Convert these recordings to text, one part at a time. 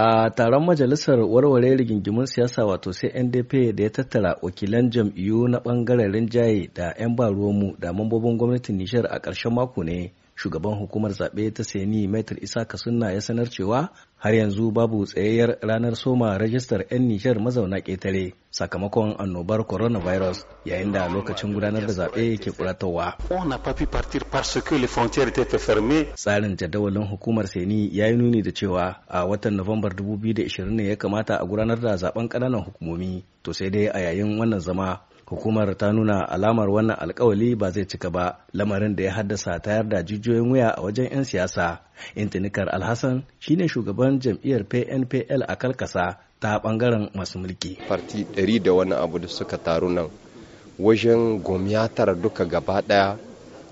a taron majalisar warware rigingimun siyasa wato sai ndp da ya tattara wakilan jam'iyyu na bangaren rinjaye da 'yan baruwanmu da mambobin gwamnatin nishar a ƙarshen mako ne shugaban hukumar zaɓe ta seni maitar isa kasunna ya sanar cewa har yanzu babu tsayayyar ranar soma rajistar 'yan nijar mazauna ƙetare sakamakon annobar coronavirus yayin da lokacin gudanar da zaɓe ke kuratowa. Tsarin jadawalin hukumar Seni ya yi nuni da cewa a watan Nuwambar 2020 ne ya kamata a gudanar da zaben ƙananan hukumomi to sai dai a yayin wannan zama hukumar ta nuna alamar wannan alkawali ba zai cika ba lamarin da ya haddasa tayar da jijiyoyin wuya a wajen 'yan siyasa intinikar alhassan shine shugaban jam'iyyar pnpl a kalkasa ta bangaren masu mulki farti 100 da wani abu da suka taru nan wajen gomiyatar duka gaba daya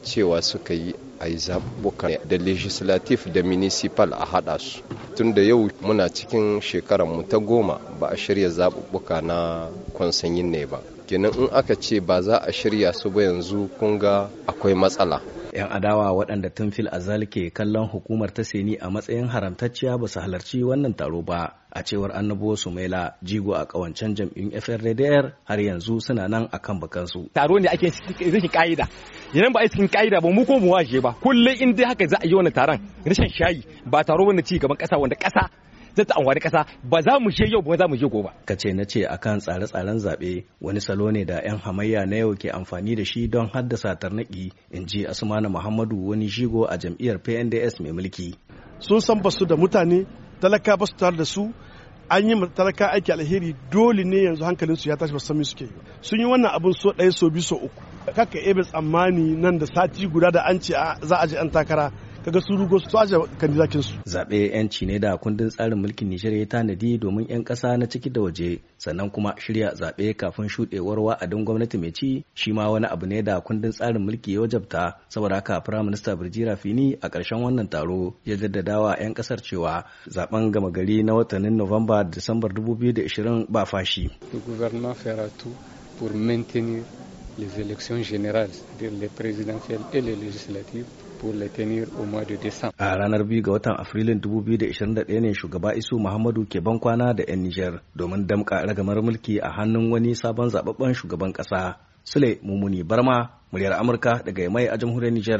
cewa suka yi a yi zaɓuɓɓuka da legislatif da municipal a haɗa su tun da yau muna cikin shekarar mu ta goma ba a shirya zaɓuɓɓuka na kwansanyin ne ba kenan in aka ce ba za a shirya su ba yanzu kun ga akwai matsala 'yan adawa waɗanda tun fil azal ke kallon hukumar ta seni a matsayin haramtacciya ba su halarci wannan taro ba a cewar annabuwa sumaila jigo a kawancen jam'in FRDR har yanzu suna nan a kan bakansu. Taro ne ake cikin ka'ida. Idan ba a cikin ka'ida ba mu ko mu waje ba. Kullum in dai haka za a yi wani taron rashin shayi ba taro wanda ci gaban ƙasa wanda ƙasa zata ta amfani kasa ba za mu je yau ba za mu je gobe ka na ce akan tsare-tsaren zabe wani salo ne da 'yan hamayya na yau ke amfani da shi don haddasa tarnaki in ji asmana muhammadu wani shigo a jam'iyyar pnds mai mulki sun san basu da mutane talaka basu tare da su an yi talaka aiki alheri dole ne yanzu hankalin su ya tashi basu sami suke sun yi wannan abin so ɗaya so biyu so uku kaka ebe tsammani nan da sati guda da an ce za a je an takara kaga su rugo su aje kandidakin su zabe yanci ne da kundin tsarin mulkin Nijar ya tanadi domin yan kasa na ciki da waje sannan kuma shirya zabe kafin shudewar wa'adin gwamnati mai ci shi ma wani abu ne da kundin tsarin mulki ya wajabta saboda haka Prime Minister Birjira Fini a ƙarshen wannan taro ya jaddadawa yan kasar cewa zaben gama gari na watannin Nuwamba da Disambar 2020 ba fashi. The gouvernement fera tout pour maintenir les élections générales, les présidentielles et les législatives, pour les tenir au mois de décembre. A ranar biyu ga watan Afrilun 2021 ne shugaba Isu Muhammadu ke ban kwana da 'yan Nijar domin damƙa ragamar mulki a hannun wani sabon zababben shugaban ƙasa. Sule Mumuni Barma, muryar Amurka daga Yamai a jamhuriyar Nijar.